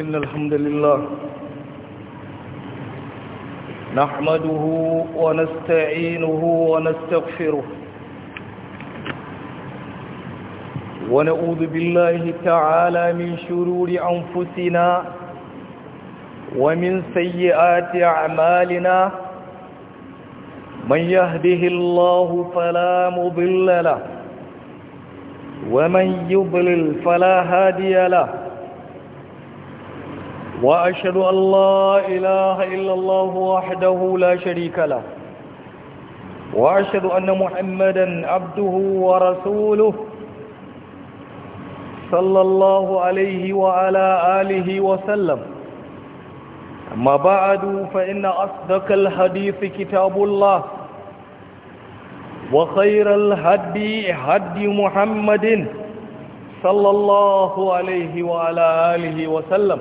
إن الحمد لله نحمده ونستعينه ونستغفره ونعوذ بالله تعالى من شرور أنفسنا ومن سيئات أعمالنا من يهده الله فلا مضل له ومن يضلل فلا هادي له وأشهد أن لا إله إلا الله وحده لا شريك له وأشهد أن محمدا عبده ورسوله صلى الله عليه وعلى آله وسلم أما بعد فإن أصدق الحديث كتاب الله وخير الهدي هدي محمد صلى الله عليه وعلى آله وسلم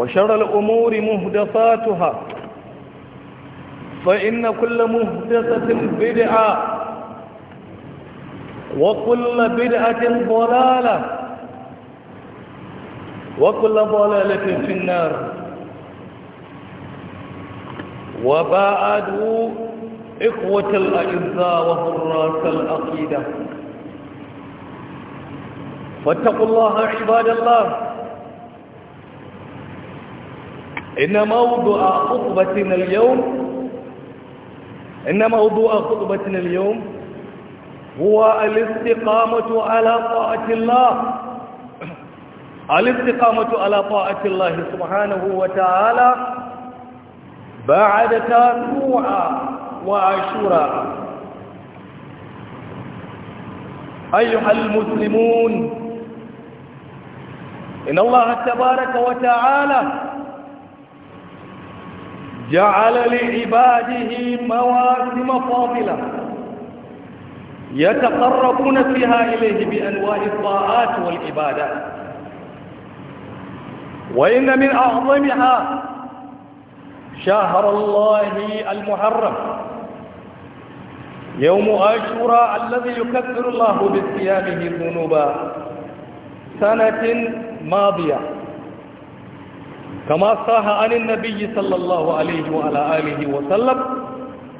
وشر الأمور مهدفاتها فإن كل مهدفة بدعة وكل بدعة ضلالة وكل ضلالة في النار وبعد إخوة الأعزاء وهراس العقيدة فاتقوا الله عباد الله إن موضوع خطبتنا اليوم إن موضوع خطبتنا اليوم هو الاستقامة على طاعة الله الاستقامة على طاعة الله سبحانه وتعالى بعد تاسوع وعاشوراء أيها المسلمون إن الله تبارك وتعالى جعل لعباده مواسم فاضلة يتقربون فيها إليه بأنواع الطاعات والعبادات وإن من أعظمها شهر الله المحرم يوم عاشوراء الذي يكفر الله بصيامه الذنوب سنة ماضية كما صح عن النبي صلى الله عليه وعلى آله وسلم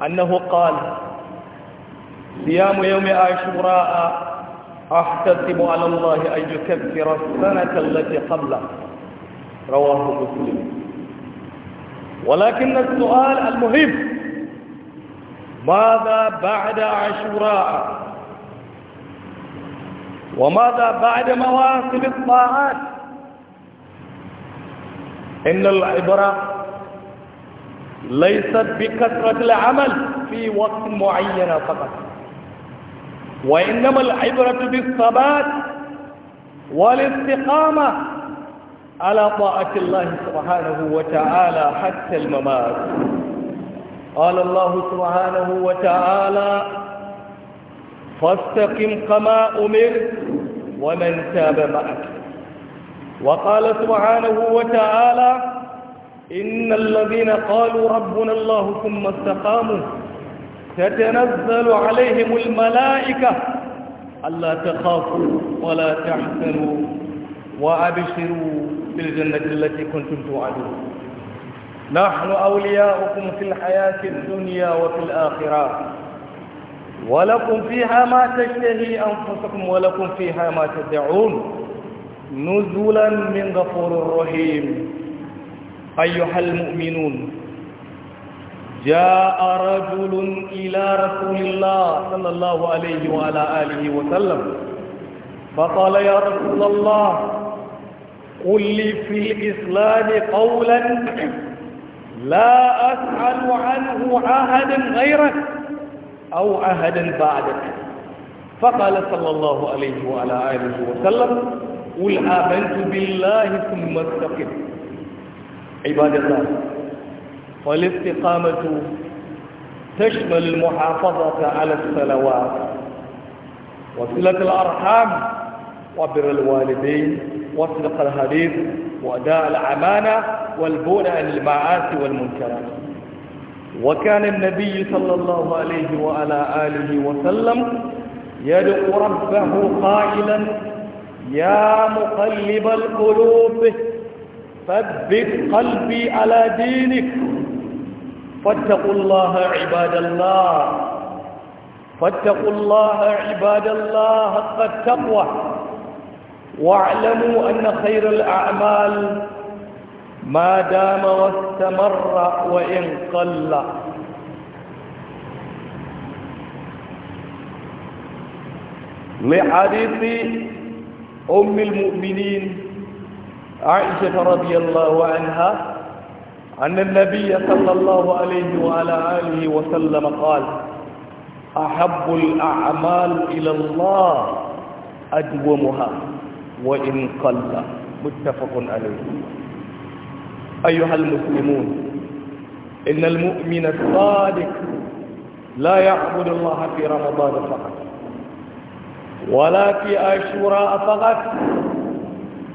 أنه قال صيام يوم عاشوراء أحتسب على الله أن يكفر السنة التي قبله رواه مسلم ولكن السؤال المهم ماذا بعد عاشوراء وماذا بعد مواسم الطاعات إن العبرة ليست بكثرة العمل في وقت معين فقط وإنما العبرة بالثبات والاستقامة على طاعة الله سبحانه وتعالى حتى الممات قال الله سبحانه وتعالى فاستقم كما أمر ومن تاب معك وقال سبحانه وتعالى إن الذين قالوا ربنا الله ثم استقاموا تتنزل عليهم الملائكة ألا تخافوا ولا تحزنوا وأبشروا بالجنة التي كنتم توعدون نحن أولياؤكم في الحياة الدنيا وفي الآخرة ولكم فيها ما تشتهي أنفسكم ولكم فيها ما تدعون نزلا من غفور رحيم أيها المؤمنون جاء رجل إلى رسول الله صلى الله عليه وعلى آله وسلم فقال يا رسول الله قل لي في الإسلام قولا لا أسأل عنه عهدا غيرك أو عهدا بعدك فقال صلى الله عليه وعلى آله وسلم قل آمنت بالله ثم استقم عباد الله فالاستقامة تشمل المحافظة على الصلوات وصلة الأرحام وبر الوالدين وصدق الحديث وأداء الأمانة والبعد عن المعاصي والمنكرات وكان النبي صلى الله عليه وعلى آله وسلم يدعو ربه قائلا يا مقلب القلوب ثبت قلبي على دينك فاتقوا الله عباد الله فاتقوا الله عباد الله حق التقوى واعلموا أن خير الأعمال ما دام واستمر وإن قل لحديث أم المؤمنين عائشة رضي الله عنها أن النبي صلى الله عليه وعلى آله وسلم قال أحب الأعمال إلى الله أدومها وإن قل متفق عليه أيها المسلمون إن المؤمن الصادق لا يعبد الله في رمضان فقط ولا في عاشوراء فقط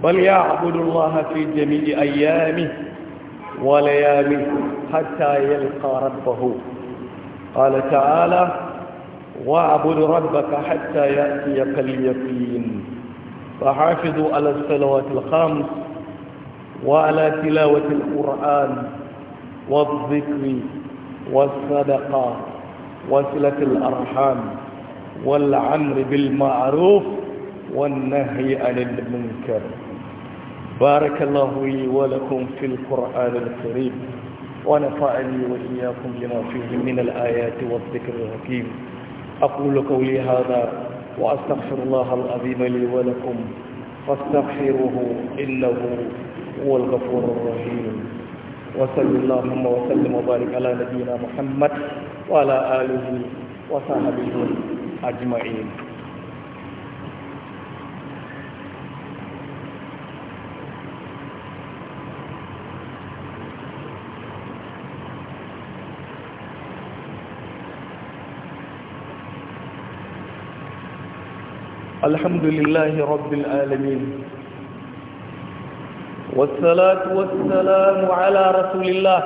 بل يعبد الله في جميع أيامه وليامه حتى يلقى ربه قال تعالى واعبد ربك حتى يأتيك اليقين فحافظوا على الصلوات الخمس وعلى تلاوة القرآن والذكر والصدقة وصلة الأرحام والعمر بالمعروف والنهي عن المنكر بارك الله لي ولكم في القرآن الكريم ونفعني وإياكم لما فيه من الآيات والذكر الحكيم أقول قولي هذا وأستغفر الله العظيم لي ولكم فاستغفروه إنه هو الغفور الرحيم وصل اللهم وسلم وبارك على نبينا محمد وعلى آله وصحبه وسلم أجمعين الحمد لله رب العالمين والصلاة والسلام على رسول الله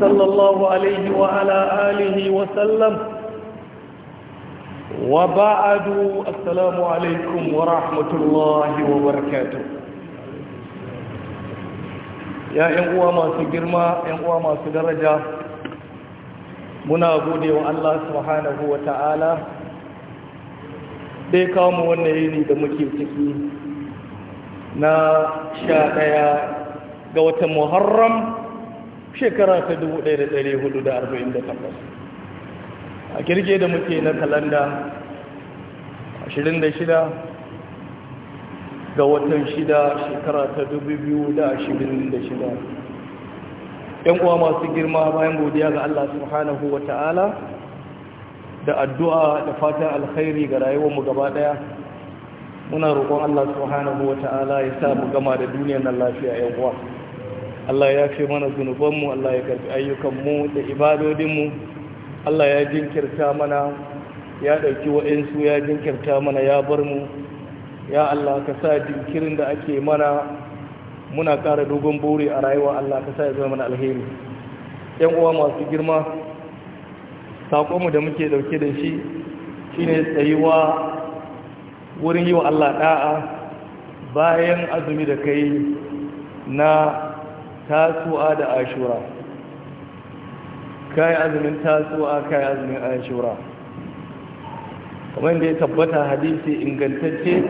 صلى الله عليه وعلى آله وسلم wa ba'adu assalamu alaikum wa rahmatullahi wa barakatuh ya yan uwa masu girma yan uwa masu daraja muna gode wa Allah subhanahu wataala dai kawo mu wannan yini da muke ciki na sha ɗaya ga wata muharram shekara ta ɗaya da 1448 a kirge da muke na kalanda 26 ga watan 6 shekara ta 2026 yan uwa masu girma bayan godiya ga Allah subhanahu wa ta'ala da addu'a da fatan alkhairi ga mu gaba daya muna roƙon Allah subhanahu wa ta'ala ya sa mu gama da duniyar na lafiya yan uwa Allah ya fi mana zunubanmu Allah ya karfi ayyukanmu da ibadodinmu Allah ya jinkirta mana ya ɗauki wa'insu ya jinkirta mana ya bar mu ya Allah ka sa jinkirin da ake mana muna ƙara dogon buri a rayuwa Allah ka sa ya zama mana alheri Ƴan uwa masu girma saƙonmu da muke ɗauke da shi shine tsayuwa wurin yi wa Allah ɗa'a bayan azumi da kai na tasuwa da ashura ka yi azumin tasuwa ka yi azumin ashura wanda ya tabbata hadisi ingantacce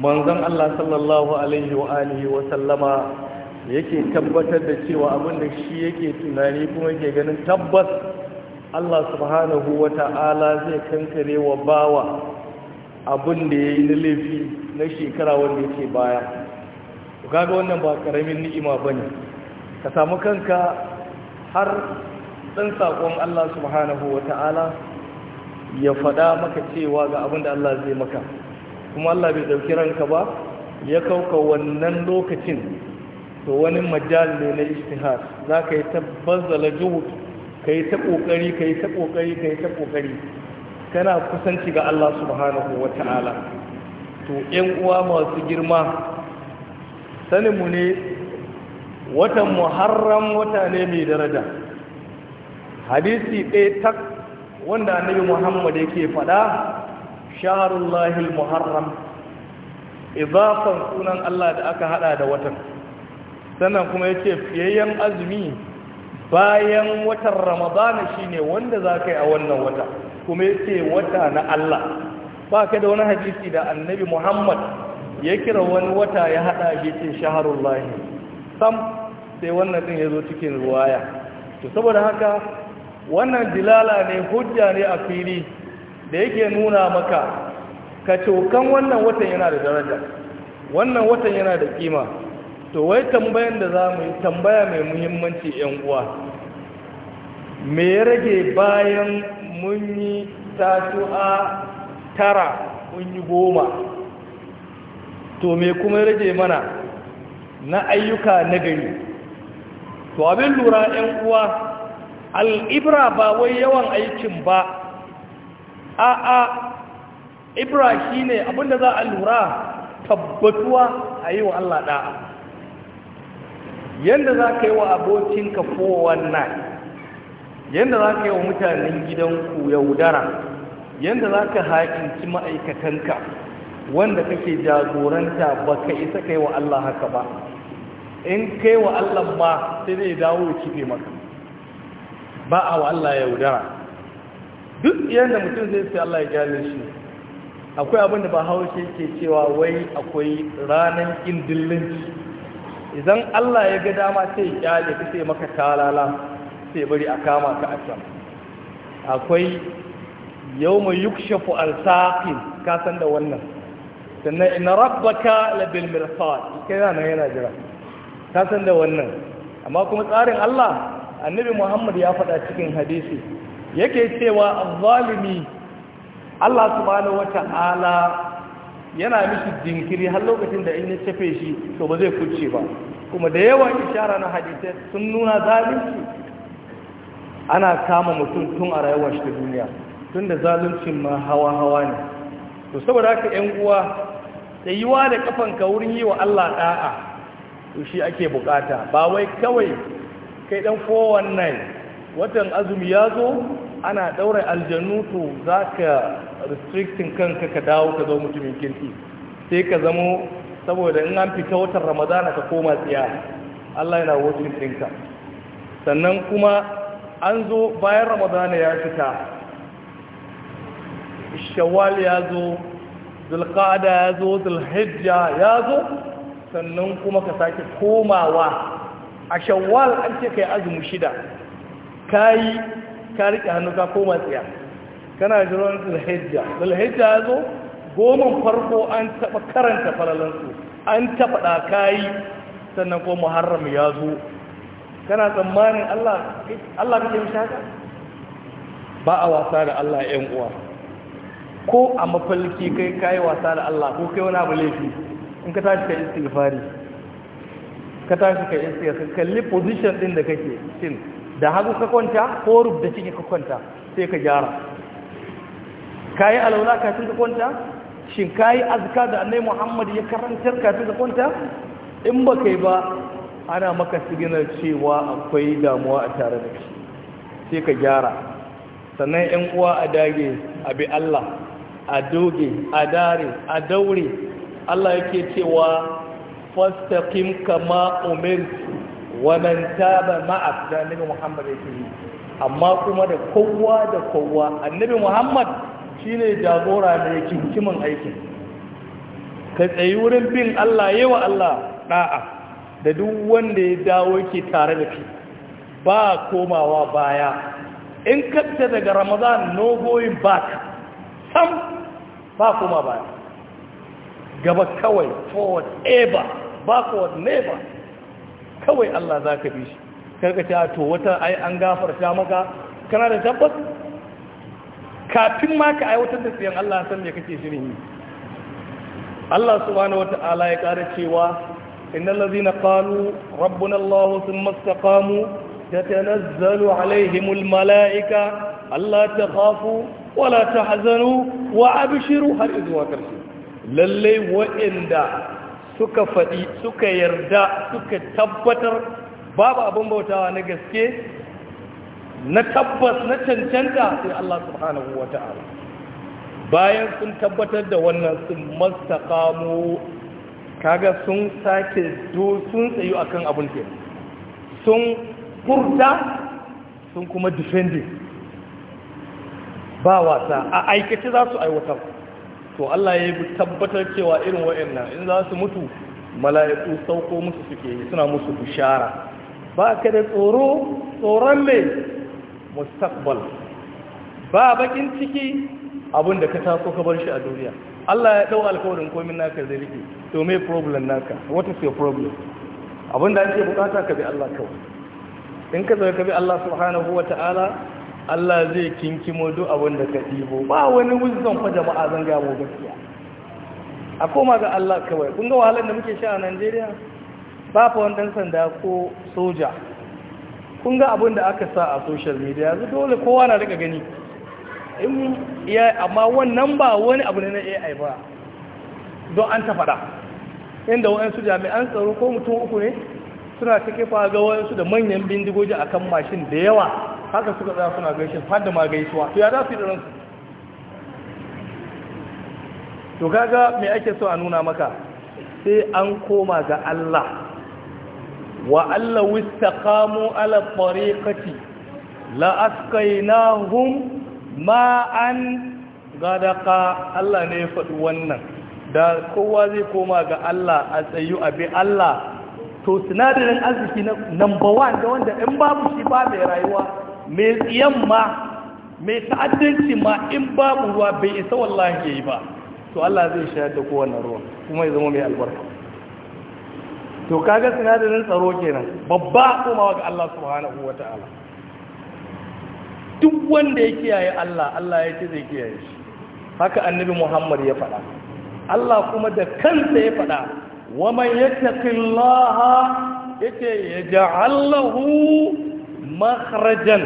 manzon Allah sallallahu alaihi wa alihi wa sallama yake tabbatar da cewa abin da shi yake tunani kuma yake ganin tabbas Allah subhanahu wa ta'ala zai kankare wa bawa abin da ya yi nilifi laifi na shekara wanda yake baya kaga wannan ba karamin ni'ima bane ka samu kanka har ɗan saƙon Allah subhanahu wa ta'ala ya faɗa maka cewa ga abin da Allah zai maka kuma Allah bai ɗauki ranka ba ya kauka wannan lokacin to wani majal na istihar za ka yi tabbazala juhud ka yi ta ƙoƙari ka yi ta ƙoƙari ka yi ta ƙoƙari kana kusanci ga Allah subhanahu wa ta'ala to ‘yan uwa masu girma sanin mu ne watan muharram wata ne mai daraja hadisi ɗaya tak wanda annabi muhammad yake faɗa sha'arullahil muharram izafan sunan allah da aka hada da watan sannan kuma ya ce fiyayyen azumi bayan watan ramadana shine wanda za ka yi a wannan wata kuma ya ce wata na allah ba ka da wani hadisi da annabi muhammad ya kira wani wata ya hada ya ce shaharullahi sam sai wannan din ya zo cikin ruwaya to saboda haka wannan dilala ne hujja ne a fili da yake nuna maka ka cokan wannan watan yana da daraja wannan watan yana da kima to wai tambayan da za mu yi tambaya mai muhimmanci 'yan uwa me ya rage bayan mun yi tatu'a tara mun yi goma to me kuma ya rage mana na ayyuka na gari to abin lura 'yan uwa al'ibra ba wai yawan aikin ba a a ibra shi ne abinda za a lura tabbatuwa a yi wa Allah ɗa'a yadda za ka yi wa abokinka kowannan yadda za ka yi wa mutanen gidanku yaudara yadda za ka haƙinci ma'aikatanka wanda kake jagoranta ba ka isa kai wa Allah haka ba in kai wa Allah ma sai zai dawo ya kife maka ba a wa Allah ya yaudara duk yadda mutum zai sai Allah ya gane shi akwai abinda da ba haushe ke cewa wai akwai ranar kindillinci idan Allah ya ga dama sai ya kyale ka sai maka talala sai bari a kama ka a can akwai yau mai yukshafu alsaqin ka san da wannan sannan ina rabbaka labil mirfa kai yana yana jira ka da wannan amma kuma tsarin Allah annabi muhammad ya faɗa cikin hadisi yake cewa zalimi Allah subhanahu wata'ala yana mishi jinkiri har lokacin da in ya tafe shi to ba zai kuce ba kuma da yawa ishara na hadisi sun nuna zalunci ana kama mutum tun a rayuwar shi duniya tun da zaluncin ma hawa-hawa ne to saboda haka ‘yan uwa yiwa da kafanka wurin yi wa Allah ɗa'a to shi ake bukata ba wai kawai kai dan kowanne watan azumi ya zo ana daura aljannu to za ka restricting kanka ka dawo ka zo mutumin kirki sai ka zamo saboda in an fita watan ramadana ka koma tsiya Allah yana wajin ɗinka sannan kuma an zo bayan ramadana ya fita shawwal ya zo zulqa'ada ya zo zulhijja ya zo sannan kuma ka sake komawa a shawwal an ce kai azumi shida kai ka rike hannu ka koma tsaya kana jiran zulhijja zulhijja ya zo goma farko an taɓa karanta falalansu an taɓa kai sannan ko muharram ya zo kana tsammanin Allah Allah kake mishi haka ba a wasa da Allah ƴan uwa ko a mafalki kai kai wasa da Allah ko kai wani abu laifi in ka tashi ka istighfari ka tashi ka iske ka kalli position din da kake shin da hagu ka kwanta ko rub da ciki ka kwanta sai ka gyara kayi alwala kafin ka kwanta shin kayi azka da annabi Muhammad ya karantar kafin ka kwanta in ba kai ba ana maka siginal cewa akwai damuwa a tare da shi sai ka gyara sannan yan uwa a dage a bi Allah a doge a dare a daure Allah yake cewa fastaqim kama umirt wa man taba ma'a da annabi Muhammad yake amma kuma da kowa da kowa annabi Muhammad shine jagora ne kinkimin aikin ka tsayi wurin bin Allah yawa Allah da'a da duk wanda ya dawo ke tare da shi ba komawa baya in kanta daga Ramadan no going back sam ba koma baya gaba kawai forward ever backward never kawai Allah za ka shi karka ta ah, to wata ai an gafarta maka kana da tabbas kafin ma ka aiwatar da tsayin Allah san me kake shirin yi Allah subhanahu wata'ala ya kara cewa innal ladzina qalu rabbuna Allah thumma istaqamu tatanazzalu alaihimul malaika alla takhafu wala tahzanu wa abshiru har izuwa karshe lallai waɗanda suka faɗi suka yarda suka tabbatar babu abin bautawa na gaske na tabbas na cancanta sai Allah subhanahu wa ta'ala bayan sun tabbatar da wannan sun mastaqamu kaga sun sake do sun tsayu akan abin ke sun furta sun kuma defending ba wasa a aikace za su aiwatar to Allah ya yi tabbatar cewa irin wa'annan in za su mutu mala'iku sauko musu suke suna musu bishara ba ka da tsoro tsoron mai mustaqbal ba bakin ciki abin da ka taso ka bar shi a duniya Allah ya dau alƙawarin komin naka zai rike to me problem naka what is your problem abin da ake bukata ka bi Allah kawai in ka zai ka bi Allah subhanahu wata'ala Allah zai kinkimo duk abin da ka ɗibo ba wani wuzon fa jama'a zan gamo gaskiya a koma ga Allah kawai kun ga wahalar da muke sha a Najeriya ba fa wani ɗan sanda ko soja kun ga abin da aka sa a social media yanzu dole kowa na rika gani in ya amma wannan ba wani abu ne na AI ba don an ta faɗa inda waɗansu jami'an tsaro ko mutum uku ne suna ta fa ga waɗansu da manyan bindigoji akan mashin da yawa haka suka tsaya suna gaishe har da ma gaisuwa to ya za su yi da to kaga me ake so a nuna maka sai an koma ga Allah wa Allah wistaqamu ala tariqati la asqainahum ma'an gadaka Allah ne ya faɗi wannan da kowa zai koma ga Allah a tsayu a bi Allah to sinadarin arziki na number 1 da wanda in babu shi ba mai rayuwa mai tsiyan mai ta'addanci ma in babu ruwa bai isa wallahi yi ba to Allah zai shayar da kowane ruwa kuma ya zama mai albarka to kaga sinadarin tsaro kenan babba komawa ga Allah subhanahu Ta'ala. duk wanda ya kiyaye Allah Allah ya ce zai kiyaye shi haka annabi Muhammad ya faɗa Allah kuma da kansa ya faɗa wa man yattaqillaha yake yaj'al lahu makharajan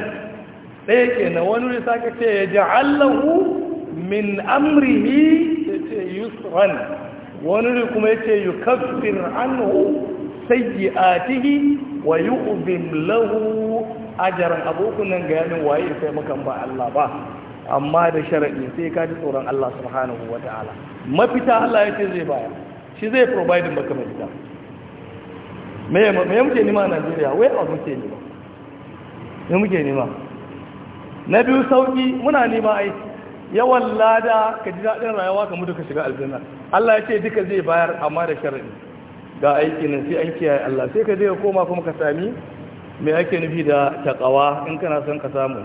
ɗaya ke na wani wuri sake ce ya ji allahu min amrihi ya ce yusran wani wuri kuma ya ce yi kafin anhu sai sayyi'atihi wa yi ubin lahu ajaran abokunan ga yanin waye sai makan ba Allah ba amma da sharaɗi sai ka ji tsoron Allah subhanahu wa ta'ala mafita Allah ya ce zai baya shi zai provide maka mafita me me muke nima a Najeriya wai a muke nima ne muke nema na biyu sauƙi muna nema ai yawan lada ka ji daɗin rayuwa ka mutu ka shiga aljanna Allah ya ce duka zai bayar amma da sharri ga aikin nan sai an kiyaye Allah sai ka je ka koma kuma ka sami me ake nufi da takawa in kana son ka samu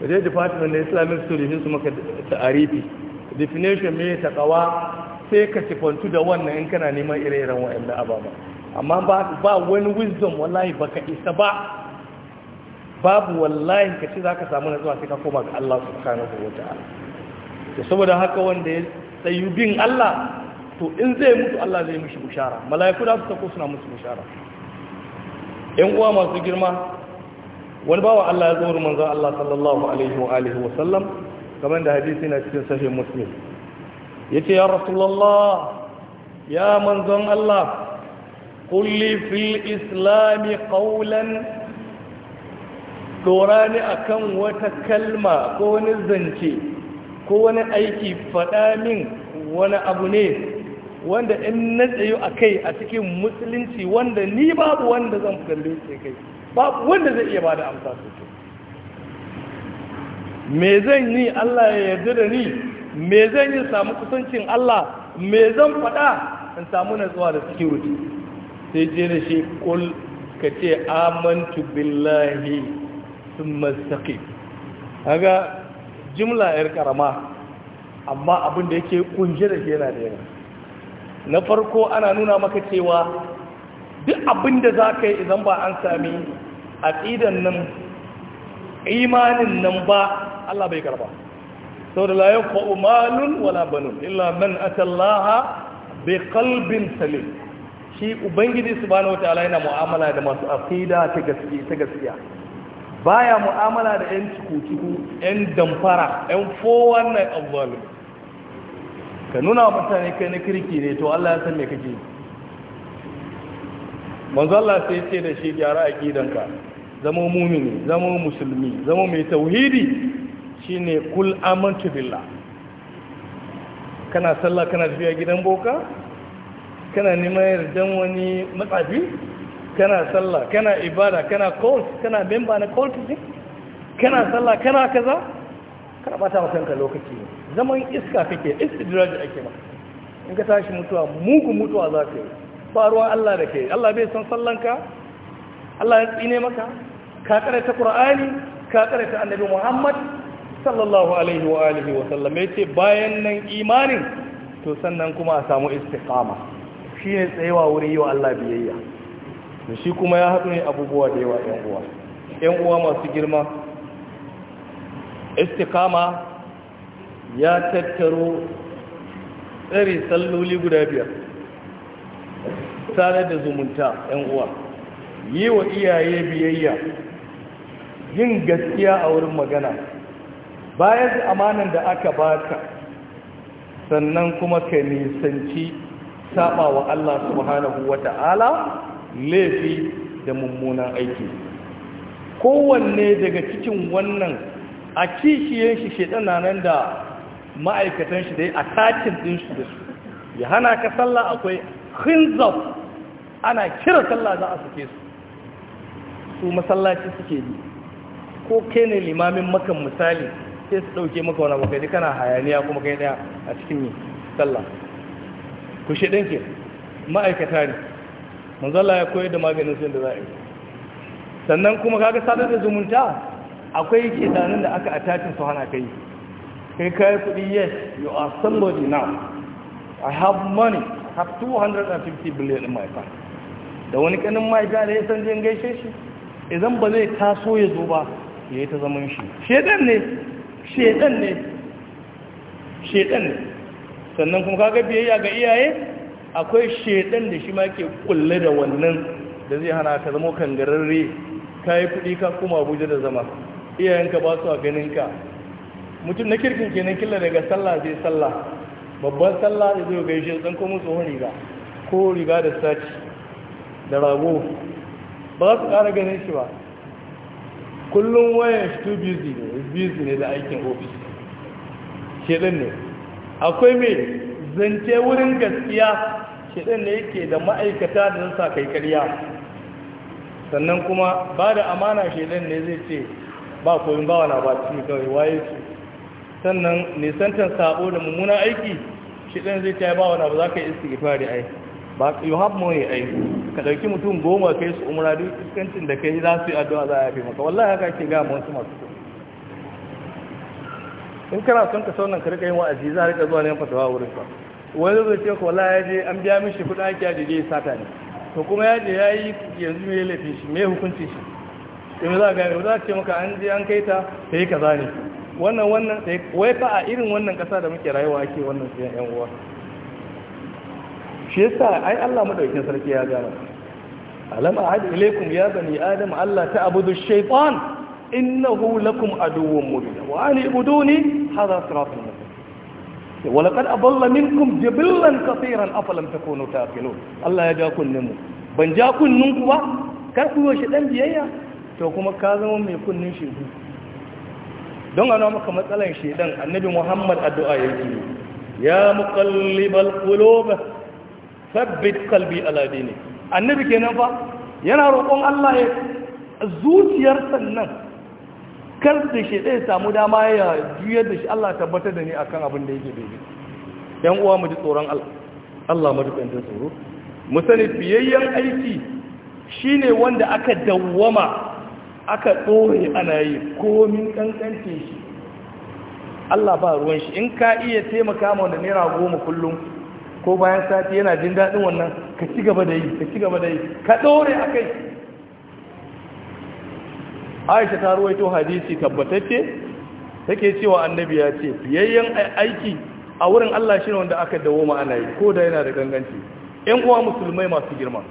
ka je department na Islamic studies su maka ta'arifi definition me takawa sai ka tifantu da wannan in kana neman ire-iren wa'annan ababa amma ba wani wisdom wallahi baka isa ba babu wallahi ka ce za ka samu natsuwa sai ka koma ga Allah subhanahu wa ta'ala Da saboda haka wanda ya tsayu bin Allah to in zai mutu Allah zai mishi bushara mala'iku da su tako suna musu bushara Ƴan uwa masu girma wani bawa Allah ya zo manzon Allah sallallahu alaihi wa alihi wa sallam kamar da hadisi na cikin sahih muslim yace ya rasulullah ya manzon Allah kulli fil islam qawlan dora a kan wata kalma ko wani zance ko wani aiki faɗa min wani abu ne wanda in na tsayo a kai a cikin musulunci wanda ni babu wanda zan kalle ke kai babu wanda zai iya ba da amsa sosai me zan yi Allah ya yarda da ni me zan yi samu kusancin Allah me zan faɗa in samu natsuwa da security sai je da shi kul ka ce amantu billahi sun mastaƙi haga jimla ƴar karama amma abin da yake kunje da yana da yawa na farko ana nuna maka cewa duk abin da za ka yi idan ba an sami aƙidan nan imanin nan ba Allah bai karba sau da layan wala banun illa man tallaha bai kalbin salim shi ubangiji su bane wata ala yana mu'amala da masu aƙida ta gaskiya baya mu'amala da yan cikuciku yan damfara yan fowar na abuwalu ka nuna mutane kai na kirki ne to Allah ya san me kake manzo Allah sai ce da shi gyara aqidanka zama mumini zama musulmi zama mai tauhidi shine kul amantu billah kana sallah kana tafiya gidan boka kana neman yardan wani matsafi kana sallah kana ibada kana course kana memba na course kana sallah kana kaza kana bata wa kanka lokaci zaman iska kake istidraji ake ba in ka tashi mutuwa mugu mutuwa za ka yi ba ruwan Allah da ke Allah bai san sallanka Allah ya tsine maka ka karanta Qur'ani ka karanta Annabi Muhammad sallallahu alaihi wa alihi wa sallam yace bayan nan imanin to sannan kuma a samu istiqama shine tsayawa wurin yi wa Allah biyayya da shi kuma ya haɗu ne abubuwa da yawa ‘yan uwa ‘yan uwa masu girma istikama ya tattaro tsari salloli guda biyar tare da zumunta ‘yan uwa yi wa iyaye biyayya yin gaskiya a wurin magana bayan amanan da aka baka sannan kuma ka nisanci saba wa Allah subhanahu wa ta'ala laifi da mummunan aiki kowanne daga cikin wannan a kishiyen shi shaidana nan da ma'aikatan shi da ya atakin din shi da su ya hana ka sallah akwai hinzaf ana kira sallah za a suke su su masallaci suke bi ko kai ne limamin makan misali sai su ɗauke maka wani bakai kana hayaniya kuma kai ɗaya a cikin sallah ku shaɗin ke ma'aikata ne manzala ya koyar da maganin sai da za a yi sannan kuma kaga sadar da zumunta akwai danin da aka attachin su hana kai kai kai kudi yes you are somebody now i have money i have 250 billion in my bank da wani kanin mahaifiya da ya san jin gaishe shi idan ba zai taso ya zo ba ya yi ta zaman shi shedan ne shedan ne shedan ne sannan kuma kaga biyayya ga iyaye akwai shedan da shi ma ke kulle da wannan da zai hana ka zama kangararre ka yi kuɗi ka kuma abuja da zama iyayenka ba su a ganinka mutum na kirkin kenan killa daga sallah zai sallah babban sallah da zai gaishe zan kuma tsohon riga ko riga da sati da rago ba za su ƙara ganin shi ba kullum wayan shi too busy ne busy ne da aikin ofis shedan ne akwai mai zance wurin gaskiya shiɗin ne yake da ma'aikata da sa kai karya sannan kuma ba da amana shiɗin ne zai ce ba koyin ba wani ba ci kawai waye su sannan nisantar sabo da mummuna aiki shiɗin zai ce ba wani ba za ka yi istighfari ai ba you have money ai ka ɗauki mutum goma kai su umra duk iskancin da kai za su yi addu'a za a yafe maka wallahi haka ke ga wasu masu kuɗi in kana son ka saunan ka rika yin wa'azi za a rika zuwa neman fatawa wurin ka wani zai ce kola ya je an biya mishi kudin aiki a ne sata ne to kuma ya je ya yi yanzu mai laifin shi mai hukunci shi yanzu za a gane za a ce maka an je an kai ta ta yi kaza ne wannan wannan sai wai fa a irin wannan kasa da muke rayuwa ake wannan siyan yan uwa shi yasa ai Allah madaukakin sarki ya gane alam a'ad ilaykum ya bani adam Allah ta'budu shaytan innahu lakum aduwwun mubin wa ani ibuduni hadha siratun walaqad aballa minkum jibillan kaseeran afalam takunu taqilun Allah ya ja kunnin mu ban ja kunnin ku ba kar ku yi dan biyayya to kuma ka zama mai kunnin shi don ana maka matsalan shedan annabi Muhammad addu'a yake ya muqallibal qulub thabbit qalbi ala dinik annabi kenan fa yana roƙon Allah ya zuciyar sannan kar da shi ɗaya samu dama ya juyar da shi Allah tabbatar da ni akan abin da yake daidai yan uwa mu ji tsoron Allah madukanta tsoro mu sani aiki shine wanda aka dawwama aka tsore ana yi komin kankance shi Allah ba ruwan shi in ka iya taimaka ma wanda naira goma kullum ko bayan sati yana jin daɗin wannan ka ci gaba da yi ka ci gaba da yi ka ɗore a kai aisha ta ruwaito hadisi tabbatacce take cewa annabi ya ce fiyayyen aiki a wurin Allah shine wanda aka dawo ma ana yi ko da yana da ganganci ƴan uwa musulmai masu girma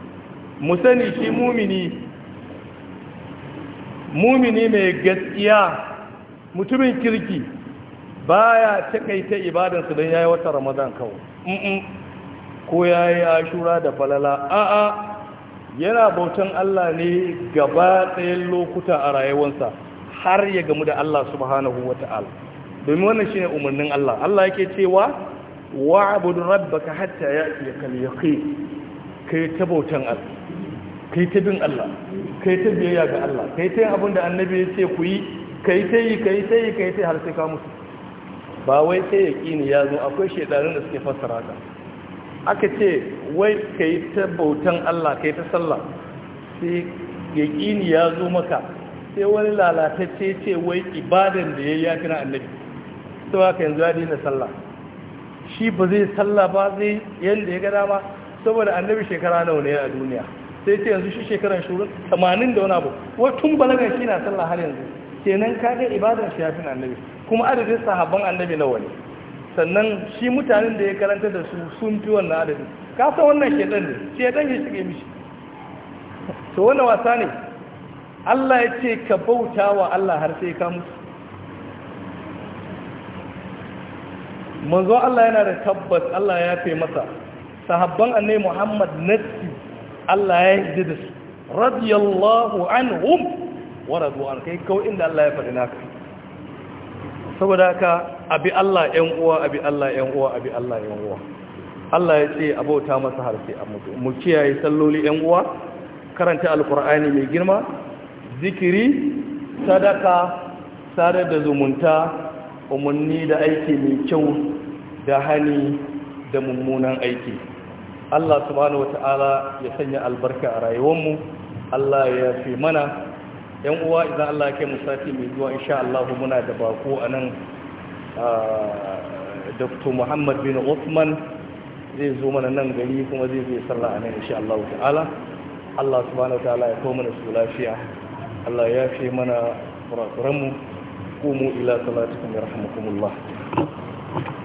mu sani shi mumini mumini mai gaskiya mutumin kirki baya takaita ibadansa dan yayi wata ramadan kawai ko yayi ashura da falala a'a yana bautan Allah ne gaba ɗayan lokuta a rayuwarsa har ya gamu da Allah subhanahu wa ta'ala domin wannan shi ne umarnin Allah Allah yake cewa wa'budu rabbaka hatta ya'tiyakal yaqin kai ta bautan Allah kai ta bin Allah kai ta biyayya ga Allah kai ta abin da annabi ya ce ku yi kai ta yi kai ta yi kai ta har sai ka mutu ba wai sai ne ya zo akwai shaidanin da suke fassara haka aka ce wai ka yi ta bautan Allah ka yi ta sallah sai yaƙini ya zo maka sai wani lalatacce ce wai ibadan da ya yi ya kira annabi sau ka yanzu ya daina sallah shi ba zai sallah ba zai yadda ya ga dama saboda annabi shekara nawa ne a duniya sai ce yanzu shi shekarar shuru 80 da wani abu wai tun balaga shi na sallah har yanzu kenan ka ga ibadan shi ya fi annabi kuma adadin sahabban annabi nawa ne sannan shi mutanen da ya karanta da su sun fi wannan adadin ka san wannan shedan ne shedan ya shige mishi to wannan wasa ne Allah ya ce ka bauta wa Allah har sai ka mutu manzo Allah yana da tabbas Allah ya fe masa sahabban annai Muhammad nassi Allah ya yi da su radiyallahu anhum wa radu an kai kawai inda Allah ya faɗi naka saboda haka abi Allah ɗan uwa abi Allah ɗan uwa abi Allah ɗan uwa Allah ya ce abauta masa har sai mutu mu kiyaye salloli ɗan uwa karanta Alkur'ani mai girma zikiri sadaka sadar da zumunta umarni da aiki mai kyau da hani da mummunan aiki Allah subhanahu wata'ala ya sanya albarka a rayuwarmu Allah ya fi mana yan uwa idan Allah ya kai mu sati mai zuwa insha Allah muna da bako a nan Dr. Muhammad bin Uthman zai zo mana nan gari kuma zai zai sallah a nan insha Allah ta'ala Allah subhanahu wa ta'ala ya kawo mana su lafiya Allah ya fi mana kurakuranmu قوموا إلى salatu يرحمكم الله